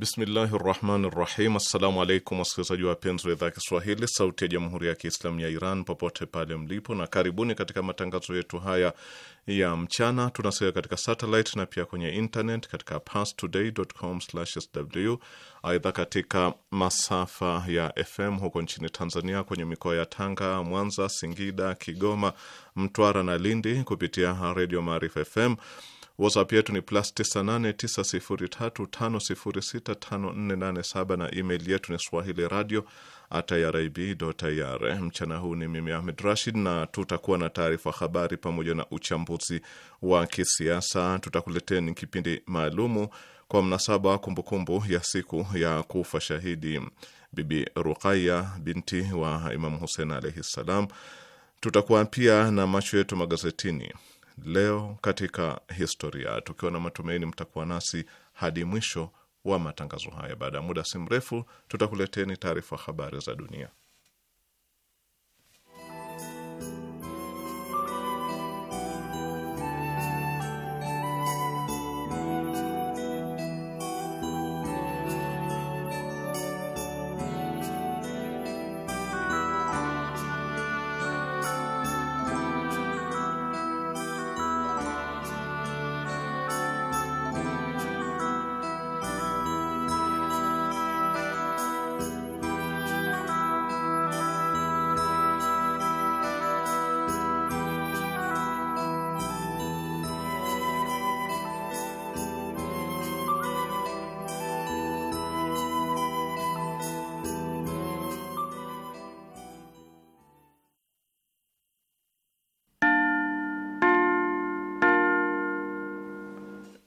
Bismillahi rahmani rahim. Assalamu alaikum wasikilizaji wapenzi wa idhaa ya Kiswahili sauti ya jamhuri ya Kiislamu ya Iran popote pale mlipo, na karibuni katika matangazo yetu haya ya mchana. Tunasikia katika satellite na pia kwenye internet katika parstoday.com/sw. Aidha, katika masafa ya FM huko nchini Tanzania kwenye mikoa ya Tanga, Mwanza, Singida, Kigoma, Mtwara na Lindi kupitia redio Maarifa FM WhatsApp yetu ni plus 989035065487 na email yetu ni swahili radio irib.ir. Mchana huu ni mimi Ahmed Rashid, na tutakuwa na taarifa habari pamoja na uchambuzi wa kisiasa. tutakuletea ni kipindi maalumu kwa mnasaba kumbukumbu ya siku ya kufa shahidi Bibi Ruqaya binti wa Imamu Husein alaihi ssalam. Tutakuwa pia na macho yetu magazetini leo katika historia, tukiwa na matumaini mtakuwa nasi hadi mwisho wa matangazo haya. Baada ya muda si mrefu, tutakuleteni taarifa habari za dunia.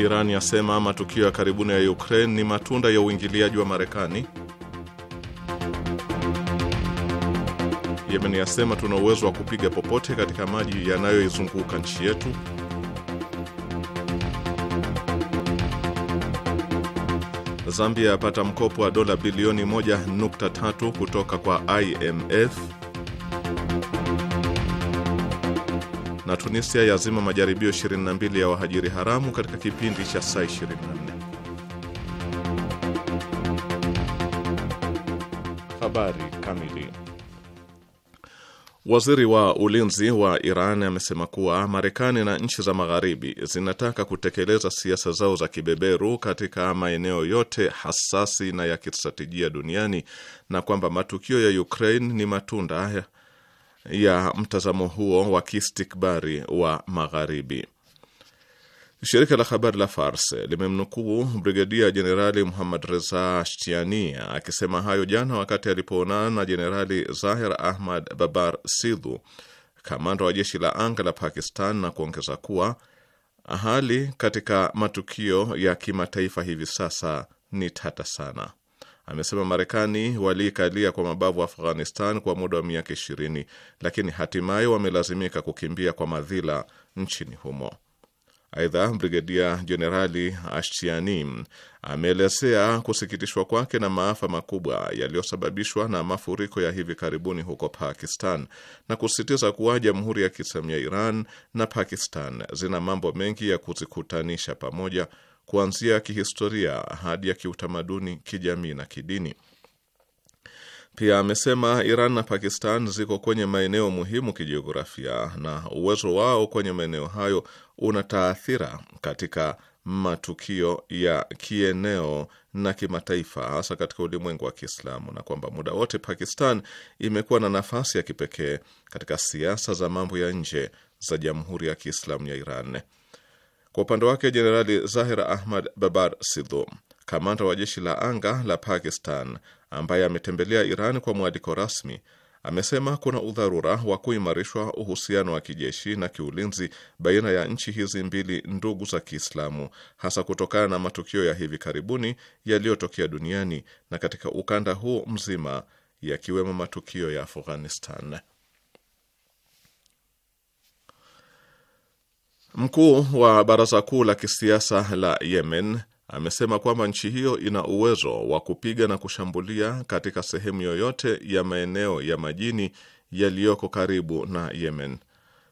Iran yasema matukio ya karibuni ya Ukraine ni matunda ya uingiliaji wa Marekani. Yemen yasema tuna uwezo wa kupiga popote katika maji yanayoizunguka nchi yetu. Zambia yapata mkopo wa dola bilioni 1.3 kutoka kwa IMF. na Tunisia yazima majaribio 22 ya wahajiri haramu katika kipindi cha saa 24. Habari kamili. Waziri wa ulinzi wa Iran amesema kuwa Marekani na nchi za Magharibi zinataka kutekeleza siasa zao za kibeberu katika maeneo yote hasasi na ya kistratejia duniani na kwamba matukio ya Ukraine ni matunda haya ya mtazamo huo wa kistikbari wa Magharibi. Shirika la habari la Fars limemnukuu Brigedia Jenerali Muhammad Reza Shtiania akisema hayo jana wakati alipoonana na Jenerali Zahir Ahmad Babar Sidhu, kamanda wa jeshi la anga la Pakistan, na kuongeza kuwa hali katika matukio ya kimataifa hivi sasa ni tata sana amesema Marekani waliikalia kwa mabavu Afghanistan kwa muda wa miaka ishirini, lakini hatimaye wamelazimika kukimbia kwa madhila nchini humo. Aidha, Brigedia Jenerali Ashtiani ameelezea kusikitishwa kwake na maafa makubwa yaliyosababishwa na mafuriko ya hivi karibuni huko Pakistan na kusisitiza kuwa Jamhuri ya Kiislamu ya Iran na Pakistan zina mambo mengi ya kuzikutanisha pamoja kuanzia kihistoria hadi ya kiutamaduni, kijamii na kidini. Pia amesema Iran na Pakistan ziko kwenye maeneo muhimu kijiografia na uwezo wao kwenye maeneo hayo una taathira katika matukio ya kieneo na kimataifa hasa katika ulimwengu wa Kiislamu na kwamba muda wote Pakistan imekuwa na nafasi ya kipekee katika siasa za mambo ya nje za Jamhuri ya Kiislamu ya Iran. Kwa upande wake, Jenerali Zahir Ahmad Babar Sidhu, kamanda wa jeshi la anga la Pakistan, ambaye ametembelea Iran kwa mwaliko rasmi, amesema kuna udharura wa kuimarishwa uhusiano wa kijeshi na kiulinzi baina ya nchi hizi mbili ndugu za Kiislamu, hasa kutokana na matukio ya hivi karibuni yaliyotokea duniani na katika ukanda huu mzima, yakiwemo matukio ya Afghanistan. Mkuu wa baraza kuu la kisiasa la Yemen amesema kwamba nchi hiyo ina uwezo wa kupiga na kushambulia katika sehemu yoyote ya maeneo ya majini yaliyoko karibu na Yemen.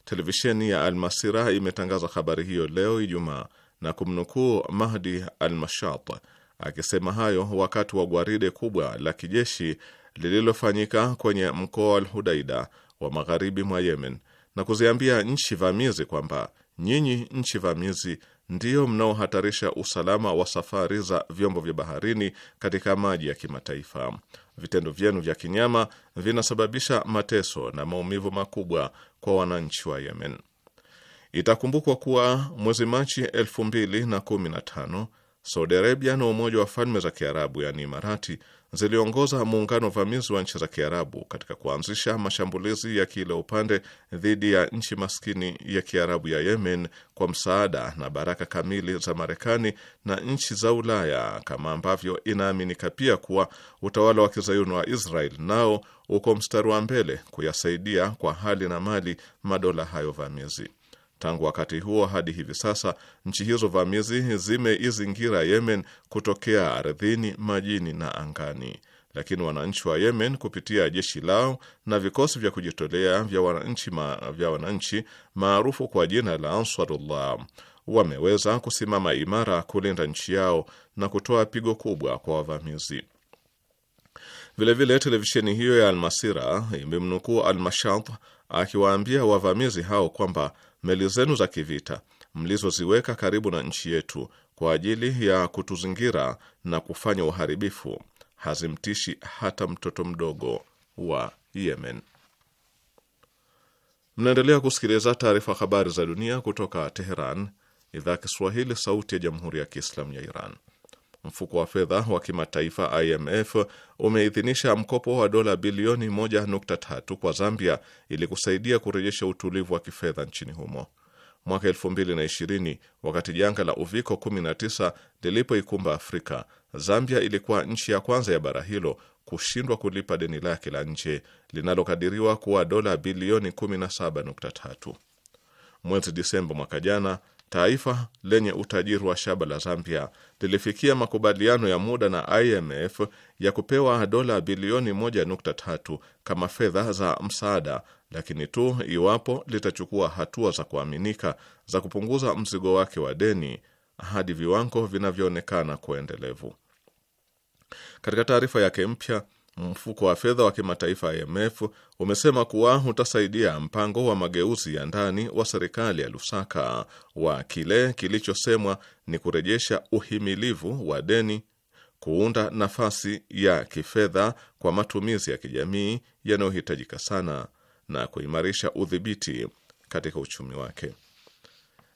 Televisheni ya Almasira imetangaza habari hiyo leo Ijumaa na kumnukuu Mahdi al Mashat akisema hayo wakati wa gwaride kubwa la kijeshi lililofanyika kwenye mkoa wa hudaida wa magharibi mwa Yemen na kuziambia nchi vamizi kwamba nyinyi nchi vamizi ndiyo mnaohatarisha usalama wa safari za vyombo vya baharini katika maji ya kimataifa. Vitendo vyenu vya kinyama vinasababisha mateso na maumivu makubwa kwa wananchi wa Yemen. Itakumbukwa kuwa mwezi Machi 2015 Saudi Arabia na Umoja wa Falme za Kiarabu, yaani Imarati, ziliongoza muungano vamizi wa nchi za Kiarabu katika kuanzisha mashambulizi ya kila upande dhidi ya nchi maskini ya Kiarabu ya Yemen kwa msaada na baraka kamili za Marekani na nchi za Ulaya, kama ambavyo inaaminika pia kuwa utawala wa kizayuni wa Israel nao uko mstari wa mbele kuyasaidia kwa hali na mali madola hayo vamizi. Tangu wakati huo hadi hivi sasa nchi hizo vamizi zimeizingira Yemen kutokea ardhini, majini na angani, lakini wananchi wa Yemen kupitia jeshi lao na vikosi vya kujitolea vya wananchi ma, vya wananchi maarufu kwa jina la Ansarullah wameweza kusimama imara kulinda nchi yao na kutoa pigo kubwa kwa wavamizi. Vilevile televisheni hiyo ya Almasira imemnukuu Almashat akiwaambia wavamizi hao kwamba meli zenu za kivita mlizoziweka karibu na nchi yetu kwa ajili ya kutuzingira na kufanya uharibifu hazimtishi hata mtoto mdogo wa Yemen. Mnaendelea kusikiliza taarifa habari za dunia kutoka Teheran, idhaa Kiswahili, sauti ya jamhuri ya kiislamu ya Iran. Mfuko wa fedha wa kimataifa IMF umeidhinisha mkopo wa dola bilioni 1.3 kwa Zambia ili kusaidia kurejesha utulivu wa kifedha nchini humo. Mwaka 2020 wakati janga la uviko 19 lilipoikumba Afrika, Zambia ilikuwa nchi ya kwanza ya bara hilo kushindwa kulipa deni lake la nje linalokadiriwa kuwa dola bilioni 17.3. Mwezi Disemba mwaka jana taifa lenye utajiri wa shaba la Zambia lilifikia makubaliano ya muda na IMF ya kupewa dola bilioni 1.3 kama fedha za msaada, lakini tu iwapo litachukua hatua za kuaminika za kupunguza mzigo wake wa deni hadi viwango vinavyoonekana kuendelevu. Katika taarifa yake mpya mfuko wa fedha wa kimataifa IMF umesema kuwa utasaidia mpango wa mageuzi ya ndani wa serikali ya Lusaka wa kile kilichosemwa ni kurejesha uhimilivu wa deni, kuunda nafasi ya kifedha kwa matumizi ya kijamii yanayohitajika sana na kuimarisha udhibiti katika uchumi wake.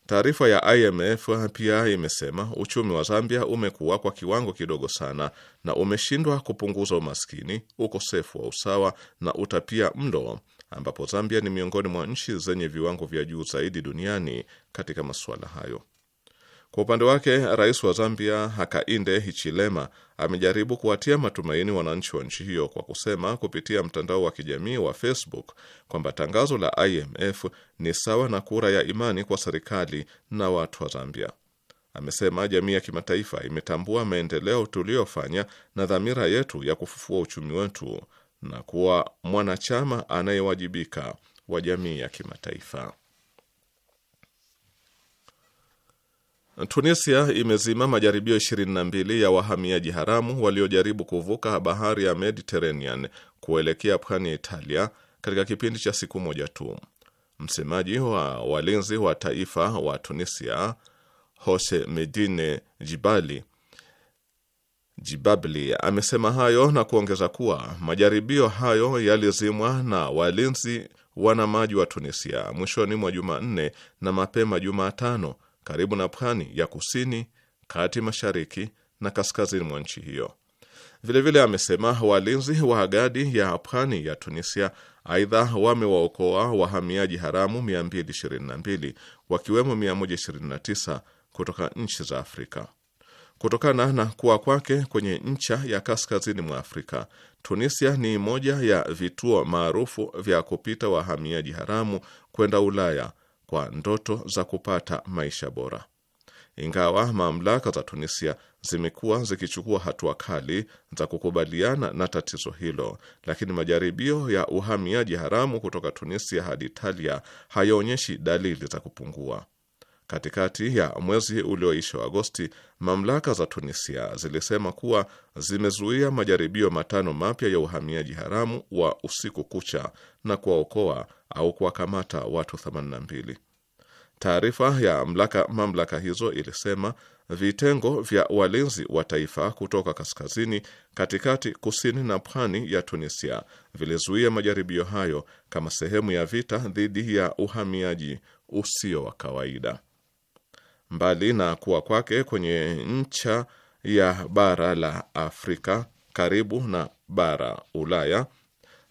Taarifa ya IMF pia imesema uchumi wa Zambia umekuwa kwa kiwango kidogo sana na umeshindwa kupunguza umaskini, ukosefu wa usawa na utapia mlo, ambapo Zambia ni miongoni mwa nchi zenye viwango vya juu zaidi duniani katika masuala hayo. Kwa upande wake, rais wa Zambia Hakainde Hichilema amejaribu kuwatia matumaini wananchi wa nchi hiyo kwa kusema kupitia mtandao wa kijamii wa Facebook kwamba tangazo la IMF ni sawa na kura ya imani kwa serikali na watu wa Zambia. Amesema jamii ya kimataifa imetambua maendeleo tuliyofanya na dhamira yetu ya kufufua uchumi wetu na kuwa mwanachama anayewajibika wa jamii ya kimataifa. Tunisia imezima majaribio 22 ya wahamiaji haramu waliojaribu kuvuka bahari ya Mediterranean kuelekea pwani ya Italia katika kipindi cha siku moja tu. Msemaji wa walinzi wa taifa wa Tunisia Hose Medine Jibali Jibabli amesema hayo na kuongeza kuwa majaribio hayo yalizimwa na walinzi wana maji wa Tunisia mwishoni mwa Jumanne na mapema Jumatano karibu na pwani ya kusini, kati, mashariki na kaskazini mwa nchi hiyo. Vilevile vile amesema walinzi wa Agadi ya pwani ya Tunisia aidha wamewaokoa wahamiaji haramu 222 wakiwemo 129 kutoka nchi za Afrika. Kutokana na kuwa kwake kwenye ncha ya kaskazini mwa Afrika, Tunisia ni moja ya vituo maarufu vya kupita wahamiaji haramu kwenda Ulaya kwa ndoto za kupata maisha bora. Ingawa mamlaka za Tunisia zimekuwa zikichukua hatua kali za kukubaliana na tatizo hilo, lakini majaribio ya uhamiaji haramu kutoka Tunisia hadi Italia hayaonyeshi dalili za kupungua. Katikati ya mwezi ulioisha Agosti, mamlaka za Tunisia zilisema kuwa zimezuia majaribio matano mapya ya uhamiaji haramu wa usiku kucha na kuwaokoa au kuwakamata watu 82. Taarifa ya mamlaka, mamlaka hizo ilisema vitengo vya walinzi wa taifa kutoka kaskazini, katikati, kusini na pwani ya Tunisia vilizuia majaribio hayo kama sehemu ya vita dhidi ya uhamiaji usio wa kawaida mbali na kuwa kwake kwenye ncha ya bara la Afrika karibu na bara Ulaya,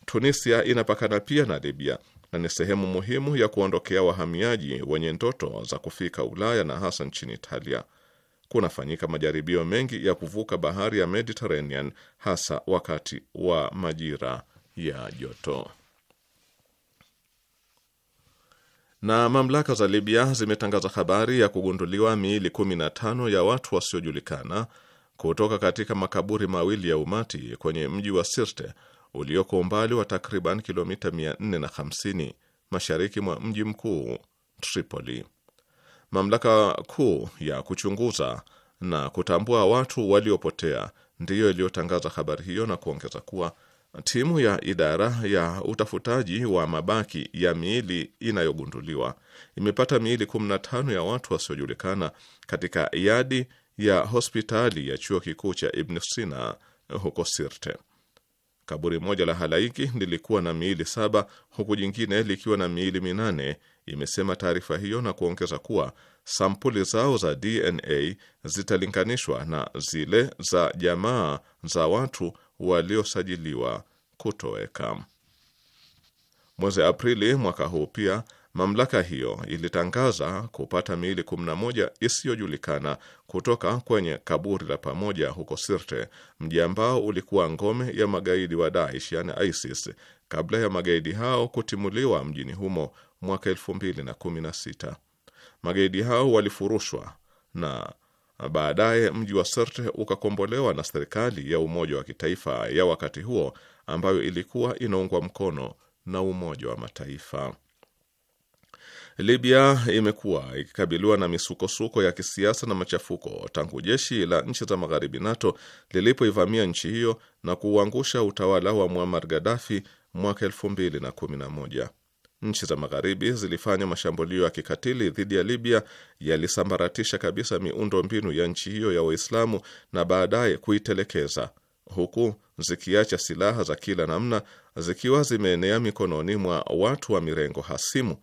Tunisia inapakana pia na Libya na ni sehemu muhimu ya kuondokea wahamiaji wenye ndoto za kufika Ulaya na hasa nchini Italia. Kunafanyika majaribio mengi ya kuvuka bahari ya Mediterranean hasa wakati wa majira ya joto. Na mamlaka za Libya zimetangaza habari ya kugunduliwa miili 15 ya watu wasiojulikana kutoka katika makaburi mawili ya umati kwenye mji wa Sirte ulioko umbali wa takriban kilomita 450 mashariki mwa mji mkuu Tripoli. Mamlaka kuu ya kuchunguza na kutambua watu waliopotea ndiyo iliyotangaza habari hiyo na kuongeza kuwa timu ya idara ya utafutaji wa mabaki ya miili inayogunduliwa imepata miili 15 ya watu wasiojulikana katika yadi ya hospitali ya chuo kikuu cha Ibn Sina huko Sirte. Kaburi moja la halaiki lilikuwa na miili saba huku jingine likiwa na miili minane, imesema taarifa hiyo, na kuongeza kuwa sampuli zao za DNA zitalinganishwa na zile za jamaa za watu waliosajiliwa kutoweka. Mwezi Aprili mwaka huu pia mamlaka hiyo ilitangaza kupata miili 11 isiyojulikana kutoka kwenye kaburi la pamoja huko Sirte, mji ambao ulikuwa ngome ya magaidi wa Daesh yani ISIS, kabla ya magaidi hao kutimuliwa mjini humo mwaka 2016. Magaidi hao walifurushwa na Baadaye mji wa Sirte ukakombolewa na serikali ya umoja wa kitaifa ya wakati huo ambayo ilikuwa inaungwa mkono na Umoja wa Mataifa. Libya imekuwa ikikabiliwa na misukosuko ya kisiasa na machafuko tangu jeshi la nchi za magharibi NATO lilipoivamia nchi hiyo na kuuangusha utawala wa Muammar Gaddafi mwaka elfu mbili na kumi na moja nchi za magharibi zilifanya mashambulio ya kikatili dhidi ya Libya yalisambaratisha kabisa miundo mbinu ya nchi hiyo ya Waislamu na baadaye kuitelekeza, huku zikiacha silaha za kila namna zikiwa zimeenea mikononi mwa watu wa mirengo hasimu.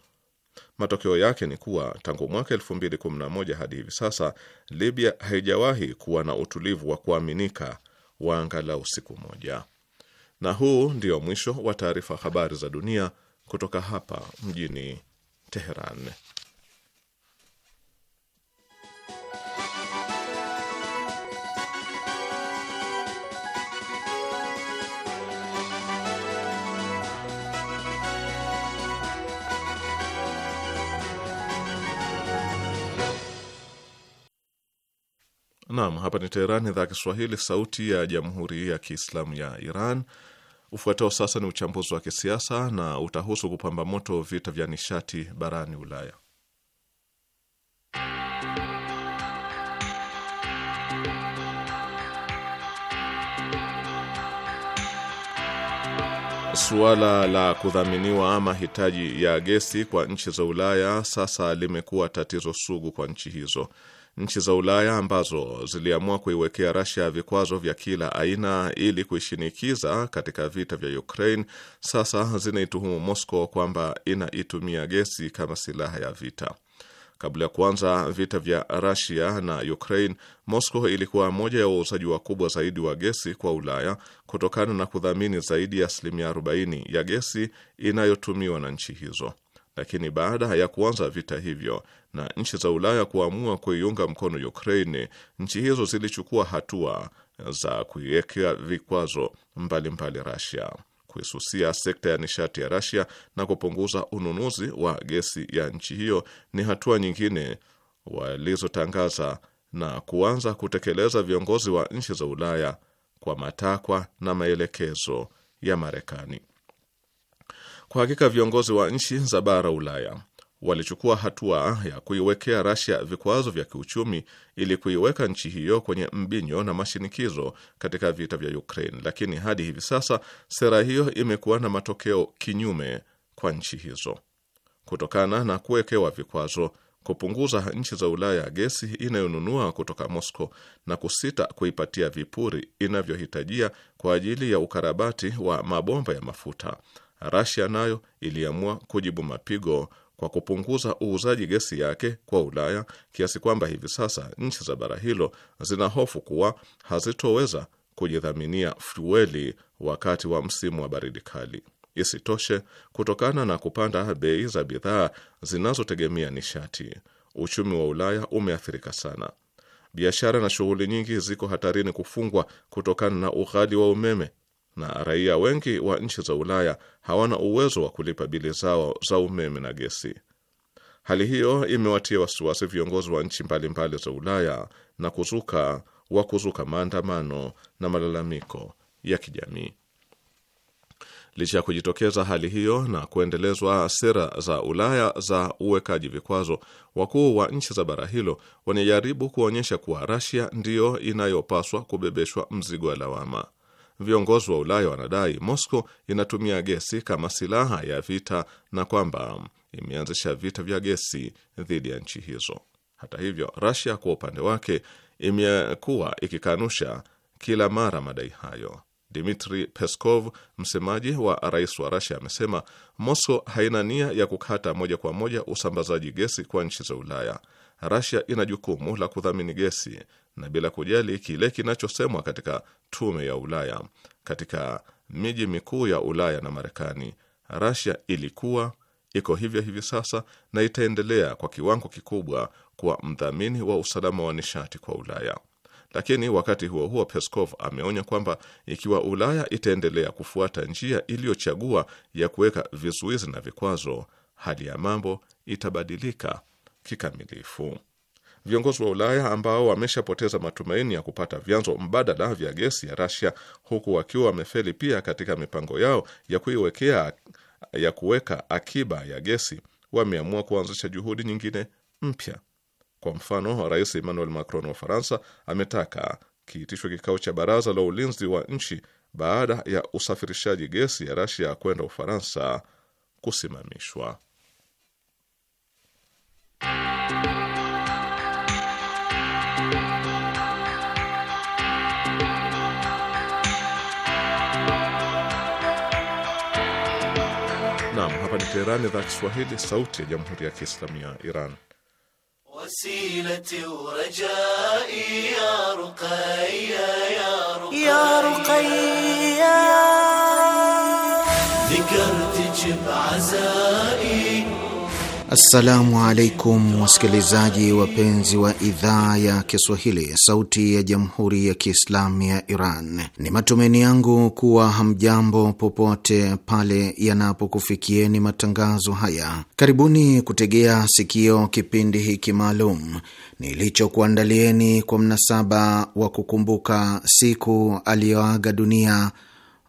Matokeo yake ni kuwa tangu mwaka 2011 hadi hivi sasa Libya haijawahi kuwa na utulivu wa kuaminika wa angalau siku moja. Na huu ndio mwisho wa taarifa habari za dunia kutoka hapa mjini Teheran. Naam, hapa ni Teheran, idhaa ya Kiswahili, sauti ya jamhuri ya kiislamu ya Iran. Ufuatao sasa ni uchambuzi wa kisiasa na utahusu kupamba moto vita vya nishati barani Ulaya. Suala la kudhaminiwa mahitaji ya gesi kwa nchi za Ulaya sasa limekuwa tatizo sugu kwa nchi hizo nchi za Ulaya ambazo ziliamua kuiwekea Rasia ya vikwazo vya kila aina ili kuishinikiza katika vita vya Ukraine sasa zinaituhumu Moscow kwamba inaitumia gesi kama silaha ya vita. Kabla ya kuanza vita vya Rasia na Ukraine, Moscow ilikuwa moja ya wauzaji wakubwa zaidi wa gesi kwa Ulaya kutokana na kudhamini zaidi ya asilimia 40 ya gesi inayotumiwa na nchi hizo. Lakini baada ya kuanza vita hivyo na nchi za Ulaya kuamua kuiunga mkono ukraini nchi hizo zilichukua hatua za kuiwekea vikwazo mbalimbali rasia kuisusia sekta ya nishati ya rasia na kupunguza ununuzi wa gesi ya nchi hiyo. Ni hatua nyingine walizotangaza na kuanza kutekeleza viongozi wa nchi za Ulaya kwa matakwa na maelekezo ya Marekani. Kwa hakika viongozi wa nchi za bara Ulaya walichukua hatua ya kuiwekea Rasia vikwazo vya kiuchumi ili kuiweka nchi hiyo kwenye mbinyo na mashinikizo katika vita vya Ukraine, lakini hadi hivi sasa sera hiyo imekuwa na matokeo kinyume kwa nchi hizo. Kutokana na kuwekewa vikwazo, kupunguza nchi za Ulaya gesi inayonunua kutoka Moscow na kusita kuipatia vipuri inavyohitajia kwa ajili ya ukarabati wa mabomba ya mafuta Rasia nayo iliamua kujibu mapigo kwa kupunguza uuzaji gesi yake kwa Ulaya kiasi kwamba hivi sasa nchi za bara hilo zina hofu kuwa hazitoweza kujidhaminia fueli wakati wa msimu wa baridi kali. Isitoshe, kutokana na kupanda bei za bidhaa zinazotegemea nishati, uchumi wa Ulaya umeathirika sana. Biashara na shughuli nyingi ziko hatarini kufungwa kutokana na ughali wa umeme na raia wengi wa nchi za Ulaya hawana uwezo wa kulipa bili zao za umeme na gesi. Hali hiyo imewatia wasiwasi viongozi wa nchi mbalimbali za Ulaya na kuzuka wa kuzuka maandamano na malalamiko ya kijamii. Licha ya kujitokeza hali hiyo na kuendelezwa sera za Ulaya za uwekaji vikwazo, wakuu wa nchi za bara hilo wanajaribu kuonyesha kuwa Rasia ndiyo inayopaswa kubebeshwa mzigo wa lawama viongozi wa Ulaya wanadai Moscow inatumia gesi kama silaha ya vita na kwamba imeanzisha vita vya gesi dhidi ya nchi hizo. Hata hivyo, Russia kwa upande wake imekuwa ikikanusha kila mara madai hayo. Dmitri Peskov, msemaji wa rais wa Russia, amesema Moscow haina nia ya kukata moja kwa moja usambazaji gesi kwa nchi za Ulaya Rasia ina jukumu la kudhamini gesi na bila kujali kile kinachosemwa katika tume ya Ulaya, katika miji mikuu ya Ulaya na Marekani, Rasia ilikuwa iko hivyo hivi sasa na itaendelea kwa kiwango kikubwa kuwa mdhamini wa usalama wa nishati kwa Ulaya. Lakini wakati huo huo, Peskov ameonya kwamba ikiwa Ulaya itaendelea kufuata njia iliyochagua ya kuweka vizuizi na vikwazo, hali ya mambo itabadilika kikamilifu. Viongozi wa Ulaya ambao wameshapoteza matumaini ya kupata vyanzo mbadala vya gesi ya rasia huku wakiwa wamefeli pia katika mipango yao ya kuiwekea ya kuweka akiba ya gesi, wameamua kuanzisha juhudi nyingine mpya. Kwa mfano, Rais Emmanuel Macron wa Faransa ametaka kiitishwe kikao cha baraza la ulinzi wa nchi baada ya usafirishaji gesi ya rasia kwenda Ufaransa kusimamishwa. Naam, hapa ni Teherani, idhaa Kiswahili, sauti ya jamhuri ya kiislamu ya Iran. wasilati urajai ya ruqaya ya ruqaya ya ruqaya ذكرتك بعزائي Assalamu alaikum wasikilizaji wapenzi wa idhaa ya Kiswahili, sauti ya jamhuri ya kiislamu ya Iran. Ni matumaini yangu kuwa hamjambo popote pale yanapokufikieni matangazo haya. Karibuni kutegea sikio kipindi hiki maalum nilichokuandalieni kwa mnasaba wa kukumbuka siku aliyoaga dunia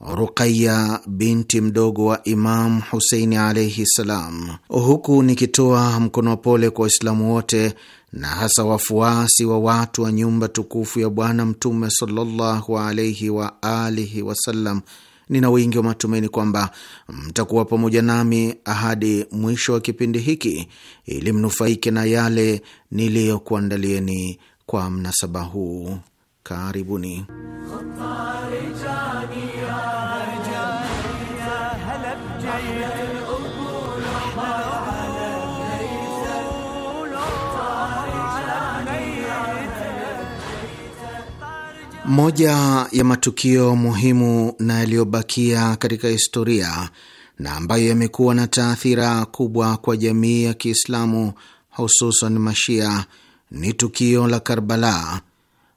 Ruqaya binti mdogo wa Imam Huseini alaihi ssalam, huku nikitoa mkono wa pole kwa Waislamu wote na hasa wafuasi wa watu wa nyumba tukufu ya Bwana Mtume sallallahu alaihi wa alihi wasallam. Nina wingi wa matumaini kwamba mtakuwa pamoja nami hadi mwisho wa kipindi hiki ili mnufaike na yale niliyokuandalieni kwa mnasaba huu. Karibuni. Moja ya matukio muhimu na yaliyobakia katika historia na ambayo yamekuwa na taathira kubwa kwa jamii ya Kiislamu hususan Mashia ni tukio la Karbala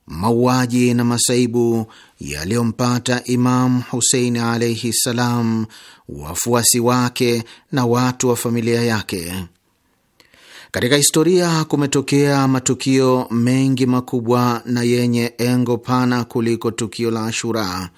mauaji na masaibu yaliyompata Imam Husein alaihi ssalam, wafuasi wake na watu wa familia yake. Katika historia kumetokea matukio mengi makubwa na yenye engo pana kuliko tukio la Ashura,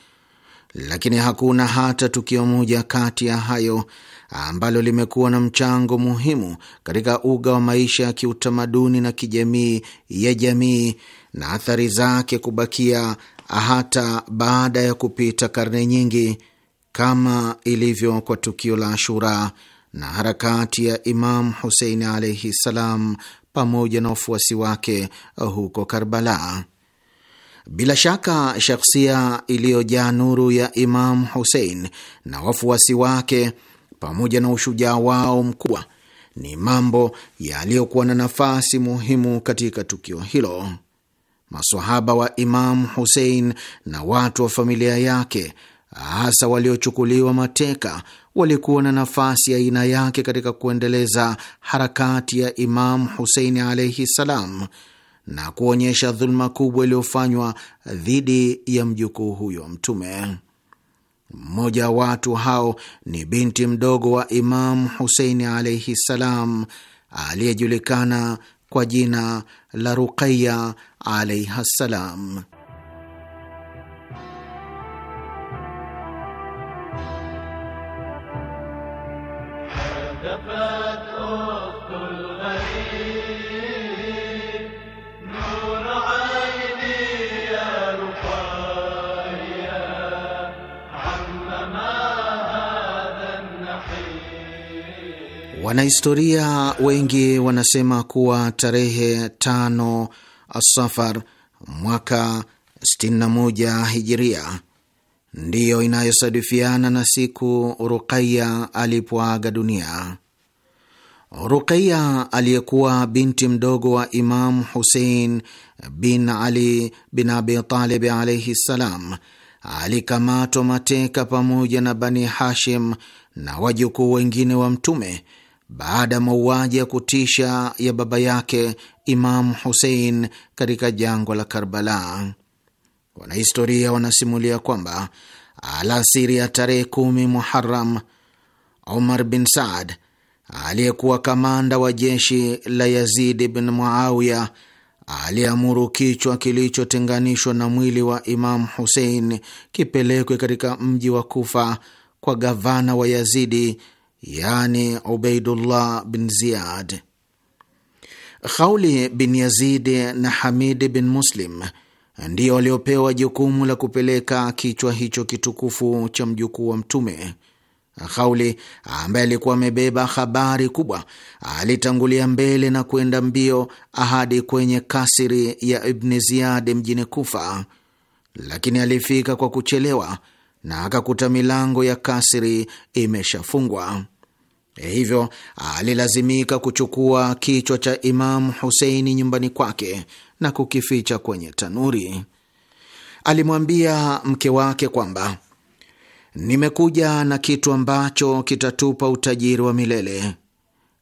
lakini hakuna hata tukio moja kati ya hayo ambalo limekuwa na mchango muhimu katika uga wa maisha ya kiutamaduni na kijamii ya jamii na athari zake kubakia hata baada ya kupita karne nyingi, kama ilivyo kwa tukio la Ashura na harakati ya Imam husein alaihi ssalam pamoja na wafuasi wake huko Karbala. Bila shaka shakhsia iliyojaa nuru ya Imam Husein na wafuasi wake pamoja na ushujaa wao mkubwa ni mambo yaliyokuwa na nafasi muhimu katika tukio hilo masohaba wa Imamu Husein na watu wa familia yake, hasa waliochukuliwa mateka, walikuwa na nafasi ya aina yake katika kuendeleza harakati ya Imamu Husein alaihi salam na kuonyesha dhuluma kubwa iliyofanywa dhidi ya mjukuu huyo Mtume. Mmoja wa watu hao ni binti mdogo wa imam Husein alaihi salam aliyejulikana kwa jina la Ruqaya alaiha ssalam. Wanahistoria wengi wanasema kuwa tarehe tano Safar mwaka 61 hijiria ndiyo inayosadifiana na siku Ruqaya alipoaga dunia. Ruqaya aliyekuwa binti mdogo wa Imamu Husein bin Ali bin Abitalib alaihi ssalam, alikamatwa mateka pamoja na Bani Hashim na wajukuu wengine wa Mtume baada ya mauaji ya kutisha ya baba yake Imamu Husein katika jangwa la Karbala. Wanahistoria wanasimulia kwamba alasiri ya tarehe kumi Muharam, Omar bin Saad aliyekuwa kamanda wa jeshi la Yazid bin Muawiya aliamuru kichwa kilichotenganishwa na mwili wa Imamu Husein kipelekwe katika mji wa Kufa kwa gavana wa Yazidi yani Ubeidullah bin Ziyad. Khauli bin Yazidi na hamid bin Muslim ndio waliopewa jukumu la kupeleka kichwa hicho kitukufu cha mjukuu wa Mtume. Khauli ambaye alikuwa amebeba habari kubwa alitangulia mbele na kwenda mbio hadi kwenye kasiri ya Ibni Ziyadi mjini Kufa, lakini alifika kwa kuchelewa na akakuta milango ya kasiri imeshafungwa. E hivyo alilazimika kuchukua kichwa cha Imamu Huseini nyumbani kwake na kukificha kwenye tanuri. Alimwambia mke wake kwamba nimekuja na kitu ambacho kitatupa utajiri wa milele.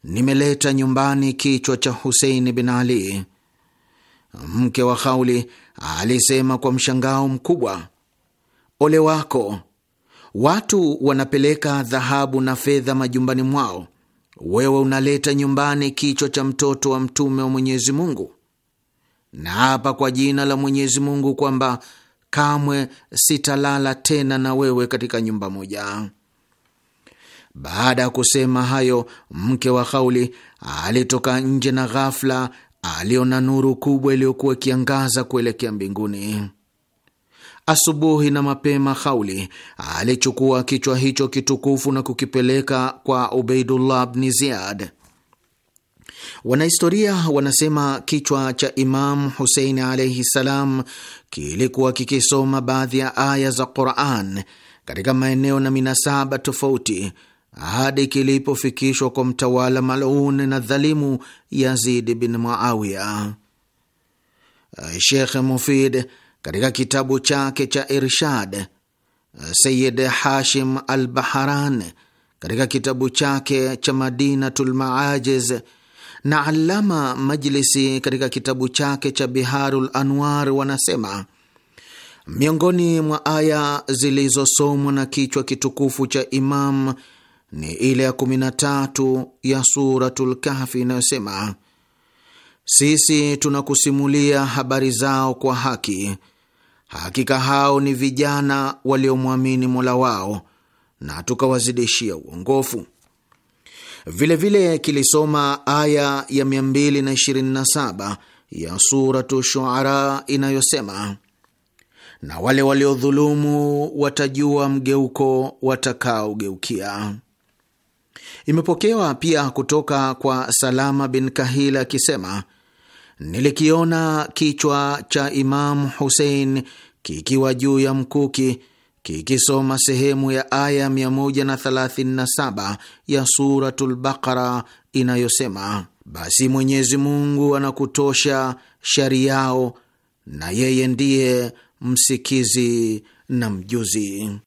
Nimeleta nyumbani kichwa cha Huseini bin Ali. Mke wa Hauli alisema kwa mshangao mkubwa, ole wako Watu wanapeleka dhahabu na fedha majumbani mwao, wewe unaleta nyumbani kichwa cha mtoto wa mtume wa Mwenyezi Mungu. Na hapa kwa jina la Mwenyezi Mungu kwamba kamwe sitalala tena na wewe katika nyumba moja. Baada ya kusema hayo, mke wa Hauli alitoka nje na ghafla aliona nuru kubwa iliyokuwa ikiangaza kuelekea mbinguni. Asubuhi na mapema Khauli alichukua kichwa hicho kitukufu na kukipeleka kwa Ubeidullah bni Ziyad. Wanahistoria wanasema kichwa cha Imam Husein alaihi ssalam kilikuwa kikisoma baadhi ya aya za Quran katika maeneo na minasaba tofauti hadi kilipofikishwa kwa mtawala malun na dhalimu Yazid bin Muawiya. Shekh Mufid katika kitabu chake cha Irshad, Sayid Hashim al Baharan katika kitabu chake cha Madinatul Maajiz na Alama Majlisi katika kitabu chake cha Biharul Anwar wanasema miongoni mwa aya zilizosomwa na kichwa kitukufu cha Imam ni ile ya kumi na tatu ya Suratul Kahfi inayosema, sisi tunakusimulia habari zao kwa haki Hakika hao ni vijana waliomwamini Mola wao na tukawazidishia uongofu. Vilevile kilisoma aya ya 227 ya Suratu Shuara inayosema, na wale waliodhulumu watajua mgeuko watakaogeukia. Imepokewa pia kutoka kwa Salama bin Kahila akisema nilikiona kichwa cha Imamu Husein kikiwa juu ya mkuki kikisoma sehemu ya aya 137 ya Suratul Baqara inayosema, basi Mwenyezi Mungu anakutosha shari yao na yeye ndiye msikizi na mjuzi.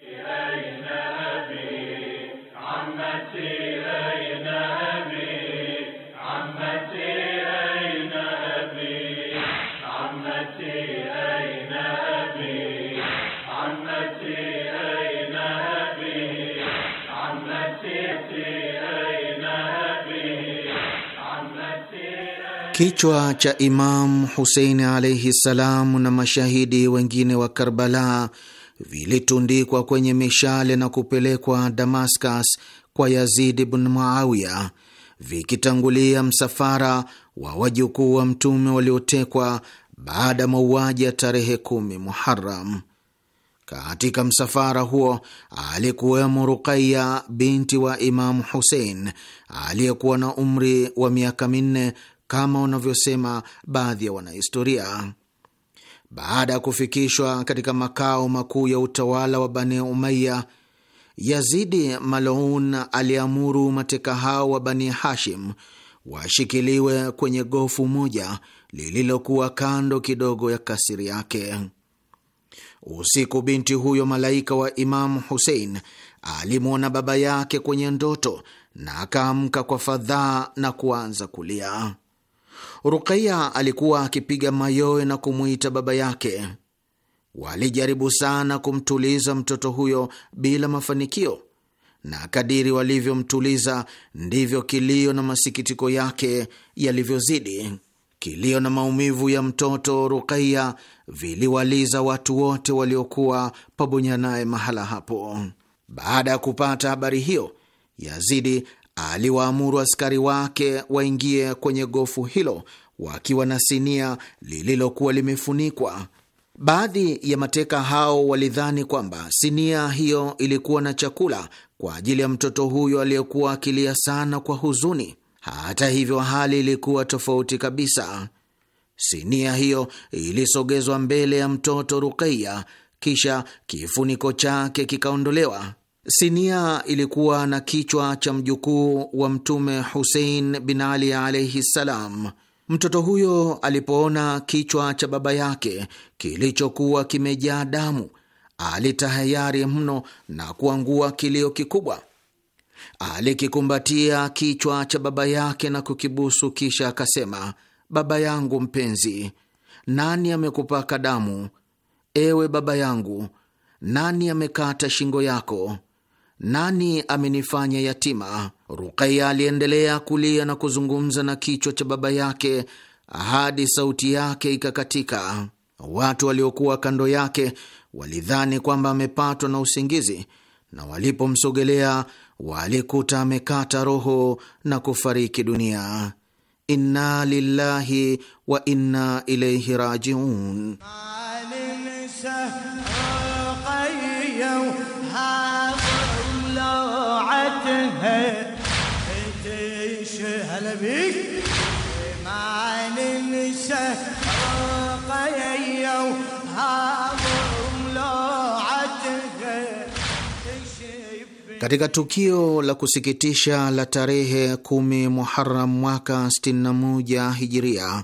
Kichwa cha imam Husein alaihi ssalam na mashahidi wengine wa Karbala vilitundikwa kwenye mishale na kupelekwa Damascus kwa yazid bn Muawiya, vikitangulia msafara wa wajukuu wa Mtume waliotekwa baada ya mauaji ya tarehe kumi Muharam. Katika msafara huo alikuwemo Ruqaya binti wa Imamu Husein aliyekuwa na umri wa miaka minne kama wanavyosema baadhi ya wanahistoria. Baada ya kufikishwa katika makao makuu ya utawala wa Bani Umaya, Yazidi Malun aliamuru mateka hao wa Bani Hashim washikiliwe kwenye gofu moja lililokuwa kando kidogo ya kasiri yake. Usiku binti huyo malaika wa Imamu Husein alimwona baba yake kwenye ndoto na akaamka kwa fadhaa na kuanza kulia. Ruqaya alikuwa akipiga mayowe na kumwita baba yake. Walijaribu sana kumtuliza mtoto huyo bila mafanikio, na kadiri walivyomtuliza ndivyo kilio na masikitiko yake yalivyozidi. Kilio na maumivu ya mtoto Ruqaya viliwaliza watu wote waliokuwa pamoja naye mahala hapo. Baada ya kupata habari hiyo, Yazidi aliwaamuru askari wake waingie kwenye gofu hilo wakiwa na sinia lililokuwa limefunikwa. Baadhi ya mateka hao walidhani kwamba sinia hiyo ilikuwa na chakula kwa ajili ya mtoto huyo aliyekuwa akilia sana kwa huzuni. Hata hivyo, hali ilikuwa tofauti kabisa. Sinia hiyo ilisogezwa mbele ya mtoto Ruqeya, kisha kifuniko chake kikaondolewa. Sinia ilikuwa na kichwa cha mjukuu wa Mtume Husein bin Ali alaihi ssalam. Mtoto huyo alipoona kichwa cha baba yake kilichokuwa kimejaa damu, alitahayari mno na kuangua kilio kikubwa. Alikikumbatia kichwa cha baba yake na kukibusu, kisha akasema: baba yangu mpenzi, nani amekupaka damu? Ewe baba yangu, nani amekata shingo yako? nani amenifanya yatima? Ruqaya aliendelea kulia na kuzungumza na kichwa cha baba yake hadi sauti yake ikakatika. Watu waliokuwa kando yake walidhani kwamba amepatwa na usingizi, na walipomsogelea walikuta amekata roho na kufariki dunia. Inna lillahi wa inna ilaihi rajiun. ما ننسى katika tukio la kusikitisha la tarehe kumi Muharam mwaka 61 Hijiria,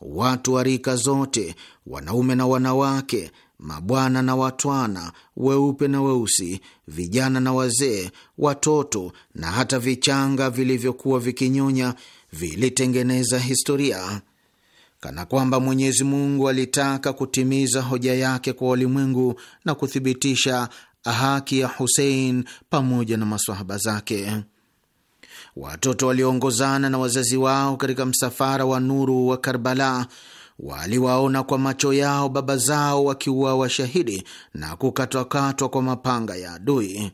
watu wa rika zote, wanaume na wanawake mabwana na watwana, weupe na weusi, vijana na wazee, watoto na hata vichanga vilivyokuwa vikinyonya vilitengeneza historia, kana kwamba Mwenyezi Mungu alitaka kutimiza hoja yake kwa walimwengu na kuthibitisha haki ya Husein pamoja na maswahaba zake. Watoto walioongozana na wazazi wao katika msafara wa nuru wa Karbala waliwaona kwa macho yao baba zao wakiuawa shahidi na kukatwakatwa kwa mapanga ya adui.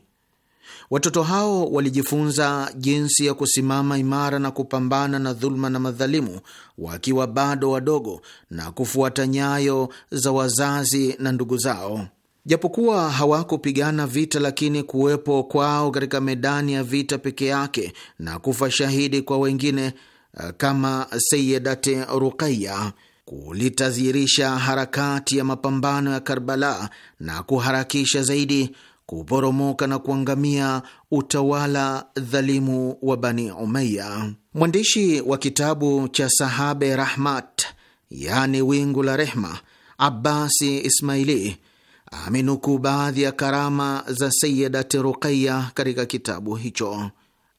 Watoto hao walijifunza jinsi ya kusimama imara na kupambana na dhuluma na madhalimu wakiwa bado wadogo na kufuata nyayo za wazazi na ndugu zao. Japokuwa hawakupigana vita, lakini kuwepo kwao katika medani ya vita peke yake na kufa shahidi kwa wengine eh, kama seyedate Ruqaya kulitazirisha harakati ya mapambano ya Karbala na kuharakisha zaidi kuporomoka na kuangamia utawala dhalimu wa Bani umaya Mwandishi wa kitabu cha Sahabe Rahmat, yaani wingu la rehma, Abbasi Ismaili amenukuu baadhi ya karama za Sayidat Ruqaya katika kitabu hicho.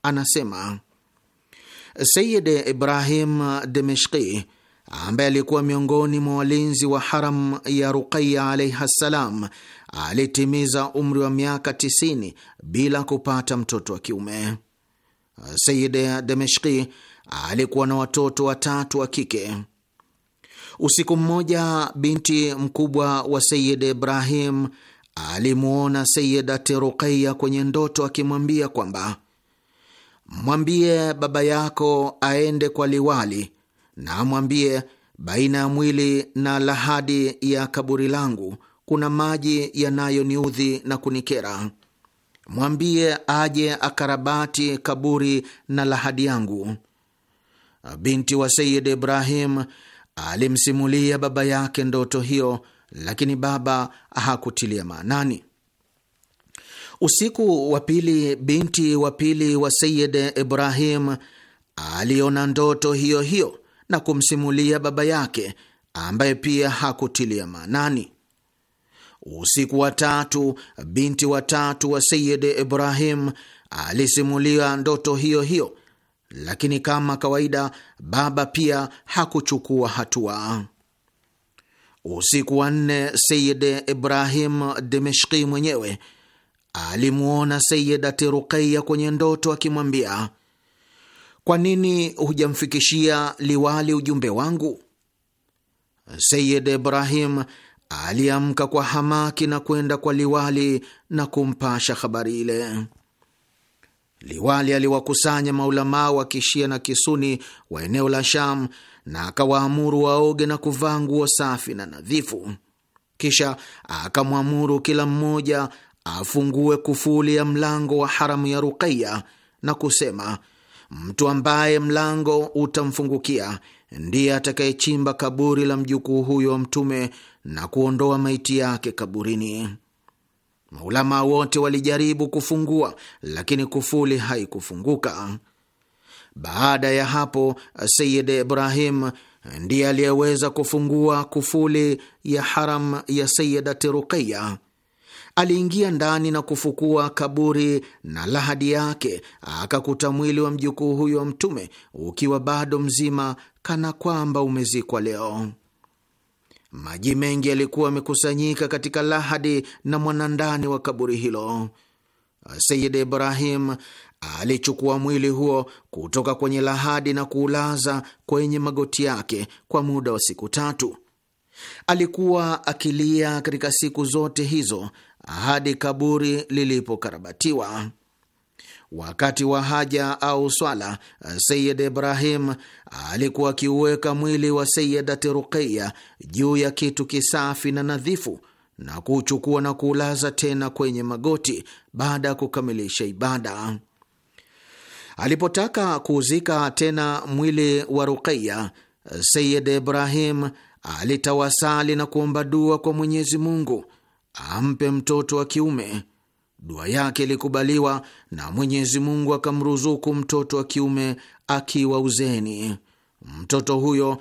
Anasema Sayid Ibrahim Demeshki ambaye alikuwa miongoni mwa walinzi wa haram ya Ruqaya alaihi ssalam, alitimiza umri wa miaka 90 bila kupata mtoto wa kiume. Sayid Demeshki alikuwa na watoto watatu wa kike. Usiku mmoja, binti mkubwa wa Sayid Ibrahim alimwona Sayidati Ruqaya kwenye ndoto akimwambia kwamba mwambie baba yako aende kwa liwali na amwambie, baina ya mwili na lahadi ya kaburi langu kuna maji yanayoniudhi na kunikera. Mwambie aje akarabati kaburi na lahadi yangu. Binti wa Sayid Ibrahim alimsimulia baba yake ndoto hiyo, lakini baba hakutilia maanani. Usiku wa pili, binti wa pili wa Sayid Ibrahim aliona ndoto hiyo hiyo na kumsimulia baba yake ambaye pia hakutilia maanani. Usiku wa tatu, binti wa tatu wa Sayid Ibrahim alisimulia ndoto hiyo hiyo, lakini kama kawaida, baba pia hakuchukua hatua. Usiku wa nne, Sayid Ibrahim Dimeshki mwenyewe alimwona Sayidati Ruqeya kwenye ndoto akimwambia kwa nini hujamfikishia liwali ujumbe wangu? Sayid Ibrahim aliamka kwa hamaki na kwenda kwa liwali na kumpasha habari ile. Liwali aliwakusanya maulamaa wa kishia na kisuni wa eneo la Sham na akawaamuru waoge na kuvaa nguo safi na nadhifu. Kisha akamwamuru kila mmoja afungue kufuli ya mlango wa haramu ya Ruqaya na kusema Mtu ambaye mlango utamfungukia ndiye atakayechimba kaburi la mjukuu huyo wa Mtume na kuondoa maiti yake kaburini. Maulamaa wote walijaribu kufungua, lakini kufuli haikufunguka. Baada ya hapo, Sayid Ibrahim ndiye aliyeweza kufungua kufuli ya haram ya Sayidati Ruqiya aliingia ndani na kufukua kaburi na lahadi yake, akakuta mwili wa mjukuu huyo wa Mtume ukiwa bado mzima, kana kwamba umezikwa leo. Maji mengi yalikuwa yamekusanyika katika lahadi na mwanandani wa kaburi hilo. Sayid Ibrahim alichukua mwili huo kutoka kwenye lahadi na kuulaza kwenye magoti yake kwa muda wa siku tatu. Alikuwa akilia katika siku zote hizo, hadi kaburi lilipokarabatiwa. Wakati wa haja au swala, Sayid Ibrahim alikuwa akiuweka mwili wa Sayidat Ruqeya juu ya kitu kisafi na nadhifu na kuuchukua na kuulaza tena kwenye magoti baada ya kukamilisha ibada. Alipotaka kuuzika tena mwili wa Ruqeya, Sayid Ibrahim alitawasali na kuomba dua kwa Mwenyezi Mungu ampe mtoto wa kiume. Dua yake ilikubaliwa na Mwenyezi Mungu akamruzuku mtoto wa kiume akiwa uzeni. Mtoto huyo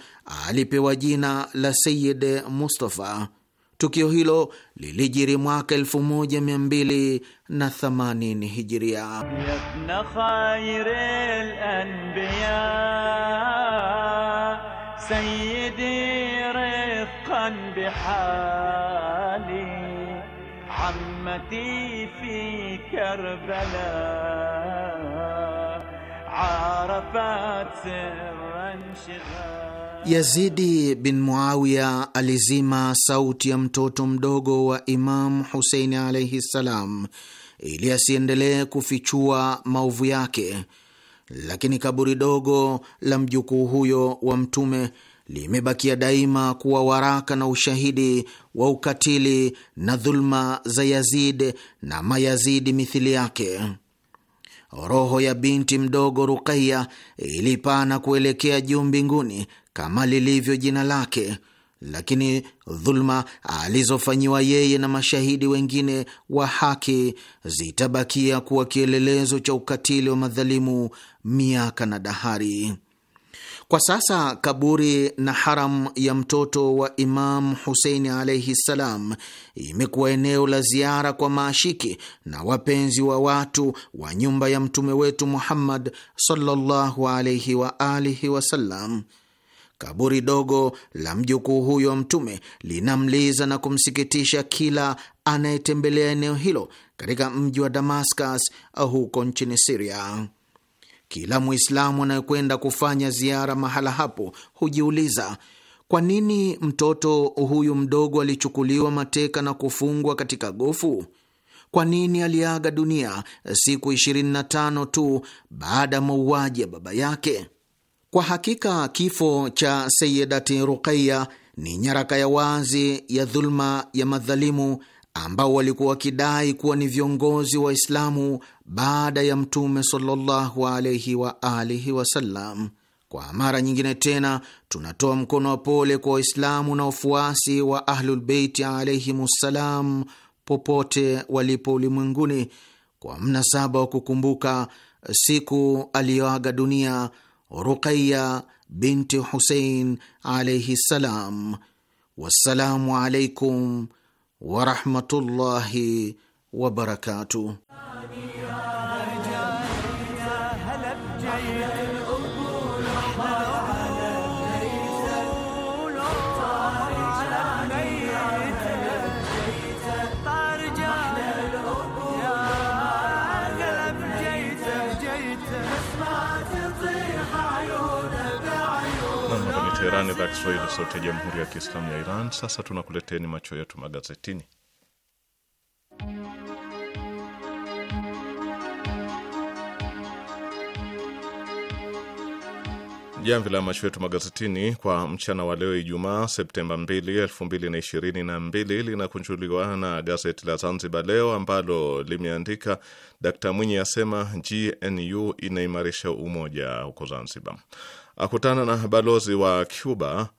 alipewa jina la Sayid Mustafa. Tukio hilo lilijiri mwaka 1280 Hijiria. ساعتي في كربلاء عرفت سر انشغال. Yazidi bin Muawiya alizima sauti ya mtoto mdogo wa imam Huseini alaihi salam ili asiendelee kufichua maovu yake, lakini kaburi dogo la mjukuu huyo wa Mtume limebakia daima kuwa waraka na ushahidi wa ukatili na dhulma za Yazid na mayazidi mithili yake. Roho ya binti mdogo Ruqaya ilipana kuelekea juu mbinguni kama lilivyo jina lake, lakini dhulma alizofanyiwa yeye na mashahidi wengine wa haki zitabakia kuwa kielelezo cha ukatili wa madhalimu miaka na dahari. Kwa sasa kaburi na haram ya mtoto wa Imam Huseini alaihi ssalam imekuwa eneo la ziara kwa maashiki na wapenzi wa watu wa nyumba ya mtume wetu Muhammad sallallahu alaihi wa alihi wasallam. Kaburi dogo la mjukuu huyo wa Mtume linamliza na kumsikitisha kila anayetembelea eneo hilo katika mji wa Damascus huko nchini Siria. Kila Mwislamu anayekwenda kufanya ziara mahala hapo hujiuliza kwa nini mtoto huyu mdogo alichukuliwa mateka na kufungwa katika gofu? Kwa nini aliaga dunia siku 25 tu baada ya mauaji ya baba yake? Kwa hakika kifo cha Sayidati Ruqaya ni nyaraka ya wazi ya dhulma ya madhalimu ambao walikuwa wakidai kuwa ni viongozi wa Waislamu baada ya Mtume sallallahu alaihi wa alihi wasallam. Kwa mara nyingine tena tunatoa mkono wa pole kwa Waislamu na wafuasi wa Ahlulbeiti alaihimussalam popote walipo ulimwenguni kwa mnasaba wa kukumbuka siku aliyoaga dunia Ruqaya binti Husein alaihi ssalam. Wassalamu alaikum ورحمه الله وبركاته Teherani, idhaa Kiswahili, sauti ya jamhuri ya kiislamu ya Iran. Sasa tunakuleteni macho yetu magazetini. Jamvi la macho yetu magazetini kwa mchana wa leo Ijumaa, Septemba 2, 2022 linakunjuliwa na gazeti la Zanzibar Leo ambalo limeandika Dkt Mwinyi asema GNU inaimarisha umoja huko Zanzibar akutana na balozi wa Cuba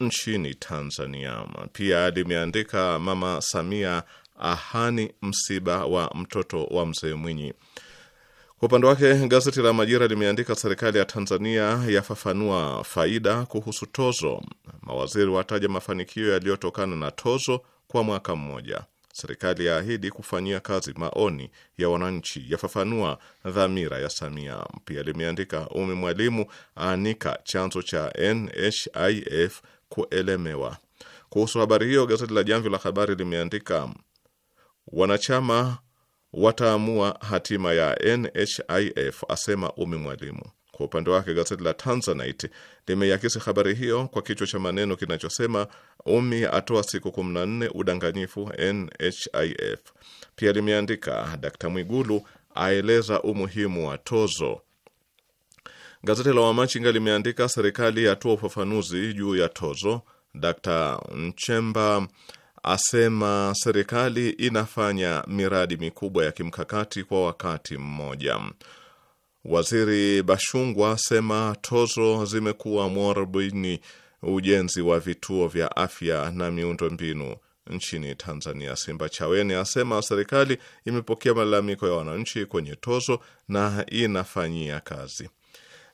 nchini Tanzania. Pia limeandika Mama Samia ahani msiba wa mtoto wa mzee Mwinyi. Kwa upande wake gazeti la Majira limeandika serikali ya Tanzania yafafanua faida kuhusu tozo, mawaziri wataja mafanikio yaliyotokana na tozo kwa mwaka mmoja, Serikali yaahidi kufanyia kazi maoni ya wananchi, yafafanua dhamira ya Samia. Pia limeandika Umi Mwalimu aanika chanzo cha NHIF kuelemewa. Kuhusu habari hiyo, gazeti la Jamvi la Habari limeandika wanachama wataamua hatima ya NHIF, asema Umi Mwalimu. Kwa upande wake gazeti la Tanzanite limeyakisi habari hiyo kwa kichwa cha maneno kinachosema Umi atoa siku 14 udanganyifu NHIF. Pia limeandika Dkt Mwigulu aeleza umuhimu wa tozo. Gazeti la Wamachinga limeandika serikali yatoa ufafanuzi juu ya tozo. Dkt Nchemba asema serikali inafanya miradi mikubwa ya kimkakati kwa wakati mmoja. Waziri Bashungwa asema tozo zimekuwa mwarobaini ujenzi wa vituo vya afya na miundo mbinu nchini Tanzania. Simba Chaweni asema serikali imepokea malalamiko ya wananchi kwenye tozo na inafanyia kazi.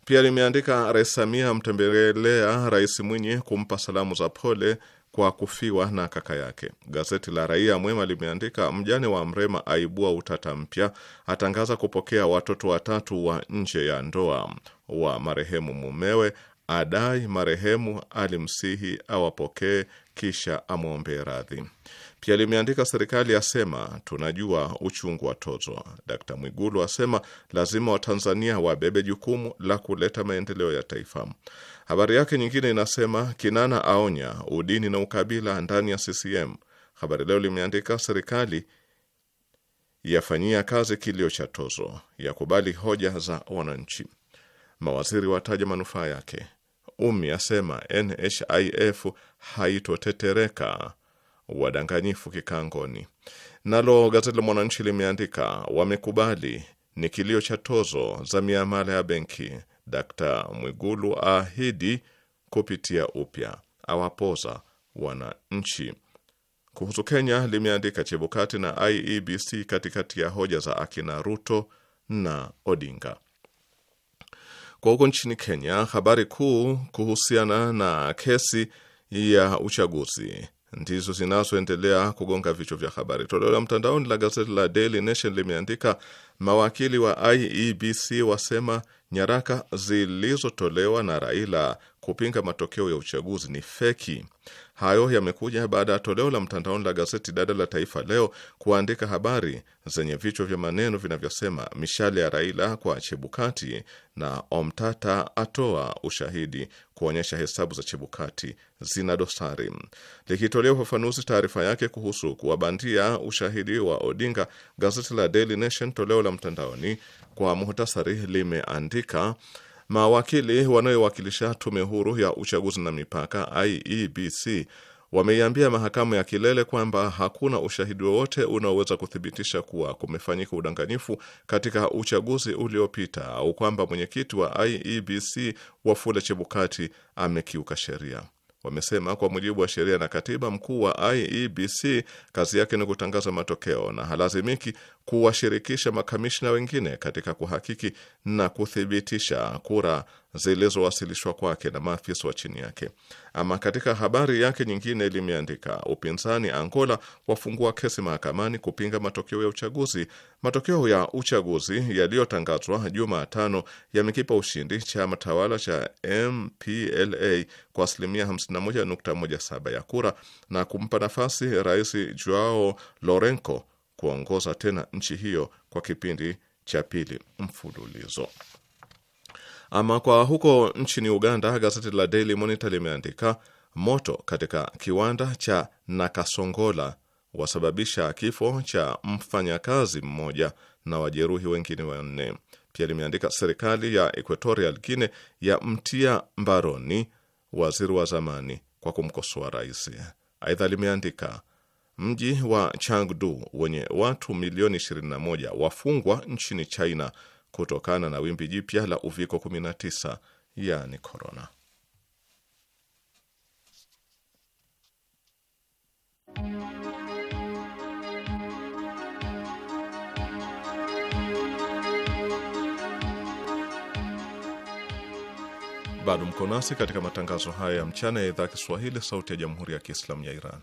Pia limeandika Rais Samia amtembelea Rais Mwinyi kumpa salamu za pole kwa kufiwa na kaka yake. Gazeti la Raia Mwema limeandika mjane wa Mrema aibua utata mpya, atangaza kupokea watoto watatu wa nje ya ndoa wa marehemu mumewe, adai marehemu alimsihi awapokee kisha amwombee radhi. Pia limeandika serikali asema tunajua uchungu wa tozo. Dkt Mwigulu asema lazima Watanzania wabebe jukumu la kuleta maendeleo ya taifa. Habari yake nyingine inasema Kinana aonya udini na ukabila ndani ya CCM. Habari Leo limeandika serikali yafanyia kazi kilio cha tozo, yakubali hoja za wananchi, mawaziri wataja manufaa yake. Umi asema NHIF haitotetereka, wadanganyifu kikangoni. Nalo gazeti la Mwananchi limeandika wamekubali, ni kilio cha tozo za miamala ya benki Dkt Mwigulu aahidi kupitia upya, awapoza wananchi. Kuhusu Kenya limeandika Chebukati na IEBC katikati ya hoja za akina Ruto na Odinga. Kwa huko nchini Kenya, habari kuu kuhusiana na kesi ya uchaguzi ndizo zinazoendelea kugonga vichwa vya habari. Toleo la mtandaoni la gazeti la Daily Nation limeandika mawakili wa IEBC wasema nyaraka zilizotolewa na Raila kupinga matokeo ya uchaguzi ni feki. Hayo yamekuja baada ya toleo la mtandaoni la gazeti dada la Taifa Leo kuandika habari zenye vichwa vya maneno vinavyosema mishale ya Raila kwa Chebukati na Omtata atoa ushahidi kuonyesha hesabu za Chebukati zina dosari. Likitolea ufafanuzi taarifa yake kuhusu kuwabandia ushahidi wa Odinga, gazeti la Daily Nation toleo la mtandaoni kwa muhtasari limeandika Mawakili wanayowakilisha tume huru ya uchaguzi na mipaka IEBC wameiambia mahakamu ya kilele kwamba hakuna ushahidi wowote unaoweza kuthibitisha kuwa kumefanyika udanganyifu katika uchaguzi uliopita au kwamba mwenyekiti wa IEBC Wafula Chebukati amekiuka sheria. Wamesema kwa mujibu wa sheria na katiba, mkuu wa IEBC kazi yake ni kutangaza matokeo na halazimiki kuwashirikisha makamishna wengine katika kuhakiki na kuthibitisha kura zilizowasilishwa kwake na maafisa wa chini yake. Ama katika habari yake nyingine limeandika upinzani Angola wafungua kesi mahakamani kupinga matokeo ya uchaguzi. Matokeo ya uchaguzi yaliyotangazwa Jumatano yamekipa ushindi chama tawala cha MPLA kwa asilimia 51.17 ya kura na kumpa nafasi Rais Joao Lourenco kuongoza tena nchi hiyo kwa kipindi cha pili mfululizo. Ama kwa huko nchini Uganda, gazeti la Daily Monitor limeandika moto katika kiwanda cha Nakasongola wasababisha kifo cha mfanyakazi mmoja na wajeruhi wengine wanne. Pia limeandika serikali ya Equatorial Guinea mtia mbaroni waziri wa zamani kwa kumkosoa rais. Aidha limeandika mji wa Changdu wenye watu milioni 21 wafungwa nchini China kutokana na wimbi jipya la uviko 19 yaani korona. Bado mko nasi katika matangazo haya ya mchana ya idhaa Kiswahili, sauti ya jamhuri ya kiislamu ya Iran.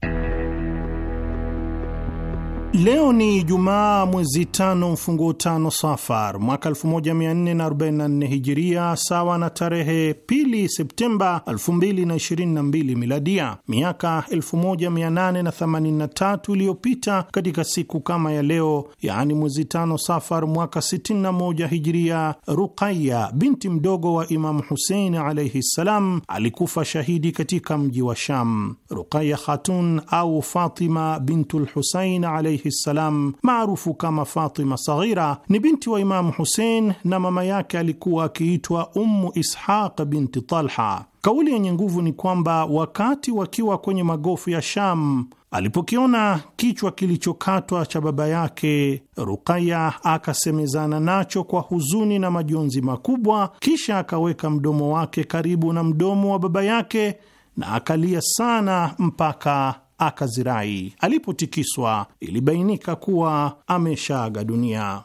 Leo ni jumaa mwezi tano mfunguo tano Safar mwaka 1444 Hijiria, sawa na tarehe pili Septemba 2022 Miladia. Miaka 1883 iliyopita katika siku kama ya leo, yaani mwezi tano Safar mwaka 61 Hijiria, Ruqaya binti mdogo wa Imamu Husein alaihi ssalam alikufa shahidi katika mji wa Sham. Ruqaya Khatun au Fatima bintu Lhusein alaihi alaihi ssalam, maarufu kama Fatima Saghira, ni binti wa Imamu Husein na mama yake alikuwa akiitwa Ummu Ishaq binti Talha. Kauli yenye nguvu ni kwamba wakati wakiwa kwenye magofu ya Sham, alipokiona kichwa kilichokatwa cha baba yake, Ruqaya akasemezana nacho kwa huzuni na majonzi makubwa, kisha akaweka mdomo wake karibu na mdomo wa baba yake na akalia sana mpaka akazirai. Alipotikiswa ilibainika kuwa ameshaaga dunia.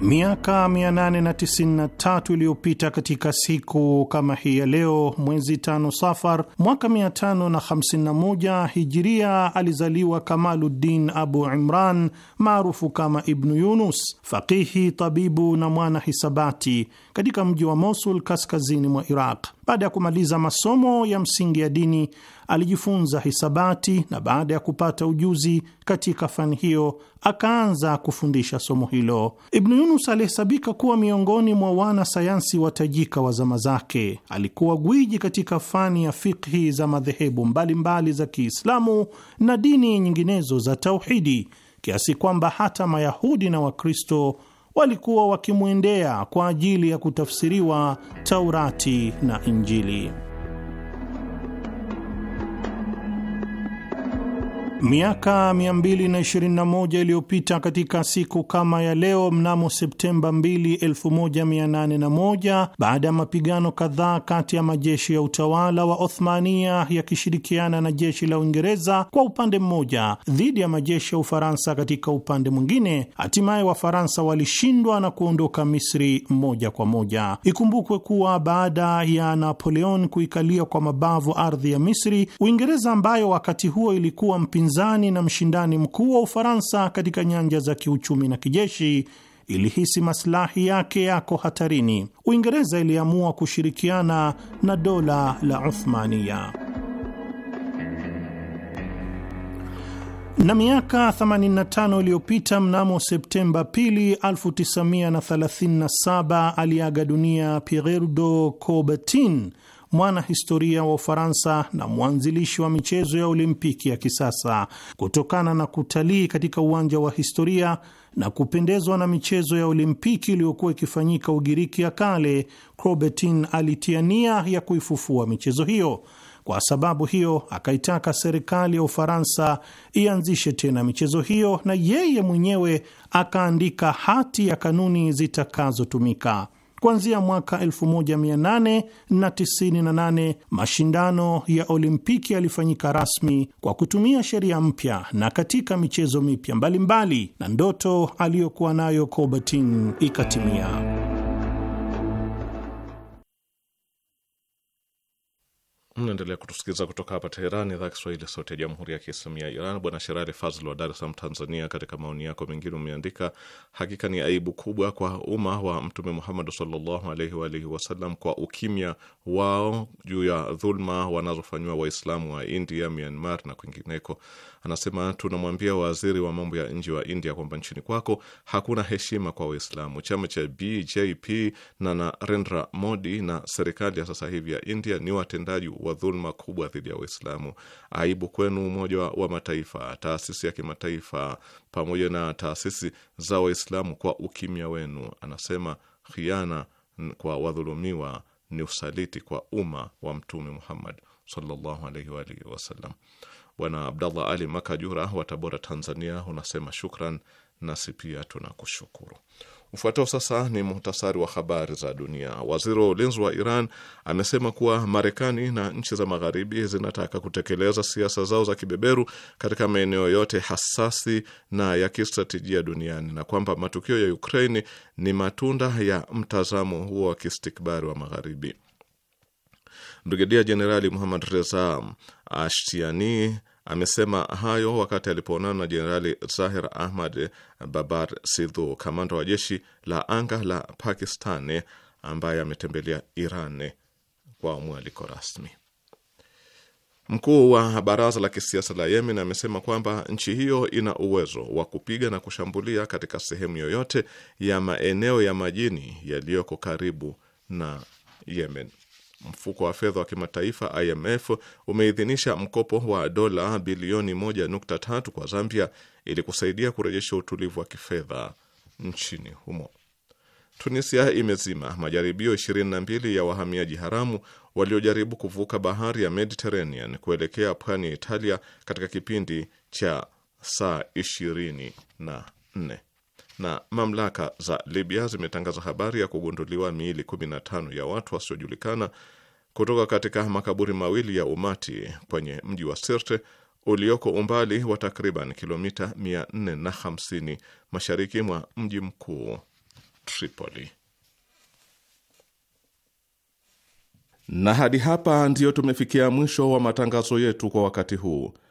Miaka 893 iliyopita katika siku kama hii ya leo, mwezi tano Safar mwaka 551 Hijiria, alizaliwa Kamaluddin Abu Imran maarufu kama Ibnu Yunus, faqihi tabibu na mwana hisabati katika mji wa Mosul kaskazini mwa Iraq. Baada ya kumaliza masomo ya msingi ya dini, alijifunza hisabati na baada ya kupata ujuzi katika fani hiyo akaanza kufundisha somo hilo. Ibnu Yunus alihesabika kuwa miongoni mwa wana sayansi watajika wa zama zake. Alikuwa gwiji katika fani ya fikhi za madhehebu mbalimbali za Kiislamu na dini nyinginezo za tauhidi, kiasi kwamba hata Mayahudi na Wakristo walikuwa wakimwendea kwa ajili ya kutafsiriwa Taurati na Injili. Miaka 221 iliyopita katika siku kama ya leo, mnamo Septemba 2, 1801, baada ya mapigano kadhaa kati ya majeshi ya utawala wa Othmania yakishirikiana na jeshi la Uingereza kwa upande mmoja dhidi ya majeshi ya Ufaransa katika upande mwingine, hatimaye Wafaransa walishindwa na kuondoka Misri moja kwa moja. Ikumbukwe kuwa baada ya Napoleon kuikalia kwa mabavu ardhi ya Misri, Uingereza ambayo wakati huo ilikuwa mpinzani mpinzani na mshindani mkuu wa Ufaransa katika nyanja za kiuchumi na kijeshi ilihisi maslahi yake yako hatarini, Uingereza iliamua kushirikiana na dola la Uthmania. Na miaka 85 iliyopita, mnamo Septemba 2, 1937 aliaga dunia Pierre de Coubertin mwanahistoria wa Ufaransa na mwanzilishi wa michezo ya Olimpiki ya kisasa kutokana na kutalii katika uwanja wa historia na kupendezwa na michezo ya Olimpiki iliyokuwa ikifanyika Ugiriki ya kale, Coubertin alitia nia ya kuifufua michezo hiyo. Kwa sababu hiyo akaitaka serikali ya Ufaransa ianzishe tena michezo hiyo, na yeye mwenyewe akaandika hati ya kanuni zitakazotumika. Kuanzia mwaka 1898 mashindano ya Olimpiki yalifanyika rasmi kwa kutumia sheria mpya na katika michezo mipya mbalimbali, na ndoto aliyokuwa nayo cobertin ikatimia. Mnaendelea kutusikiliza kutoka hapa Teherani, idhaa Kiswahili, sauti ya jamhuri ya kiislamu ya Iran. Bwana Sherali Fazl wa Dar es Salaam, Tanzania, katika maoni yako mengine umeandika, hakika ni aibu kubwa kwa umma wa Mtume Muhammad sallallahu alaihi wa alihi wasallam kwa ukimya wao juu ya dhulma wanazofanyiwa Waislamu wa India, Myanmar na kwingineko. Anasema tunamwambia waziri wa mambo ya nje wa India kwamba nchini kwako hakuna heshima kwa Waislamu. Chama cha BJP na Narendra Modi na serikali ya sasa hivi ya India ni watendaji wa dhuluma kubwa dhidi ya Waislamu. Aibu kwenu, Umoja wa Mataifa, taasisi ya kimataifa pamoja na taasisi za Waislamu, kwa ukimya wenu. Anasema khiana kwa wadhulumiwa ni usaliti kwa umma wa Mtume Muhammad sallallahu alaihi wa alihi wasallam. Bwana Abdallah Ali Makajura wa Tabora, Tanzania, unasema shukran, nasi pia tunakushukuru. Ufuatao sasa ni muhtasari wa habari za dunia. Waziri wa ulinzi wa Iran amesema kuwa Marekani na nchi za Magharibi zinataka kutekeleza siasa zao za kibeberu katika maeneo yote hasasi na ya kistratejia duniani na kwamba matukio ya Ukraini ni matunda ya mtazamo huo wa kistikbari wa Magharibi. Brigedia Jenerali Muhammad Reza Ashtiani amesema hayo wakati alipoonana na Jenerali Zahir Ahmad Babar Sidhu, kamanda wa jeshi la anga la Pakistani, ambaye ametembelea Iran kwa mwaliko rasmi. Mkuu wa baraza la kisiasa la Yemen amesema kwamba nchi hiyo ina uwezo wa kupiga na kushambulia katika sehemu yoyote ya maeneo ya majini yaliyoko karibu na Yemen. Mfuko wa fedha wa kimataifa IMF umeidhinisha mkopo wa dola bilioni 1.3 kwa Zambia ili kusaidia kurejesha utulivu wa kifedha nchini humo. Tunisia imezima majaribio 22 ya wahamiaji haramu waliojaribu kuvuka bahari ya Mediterranean kuelekea pwani ya Italia katika kipindi cha saa 24 na mamlaka za Libya zimetangaza habari ya kugunduliwa miili 15 ya watu wasiojulikana kutoka katika makaburi mawili ya umati kwenye mji wa Sirte ulioko umbali wa takriban kilomita 450 mashariki mwa mji mkuu Tripoli. Na hadi hapa ndiyo tumefikia mwisho wa matangazo yetu kwa wakati huu.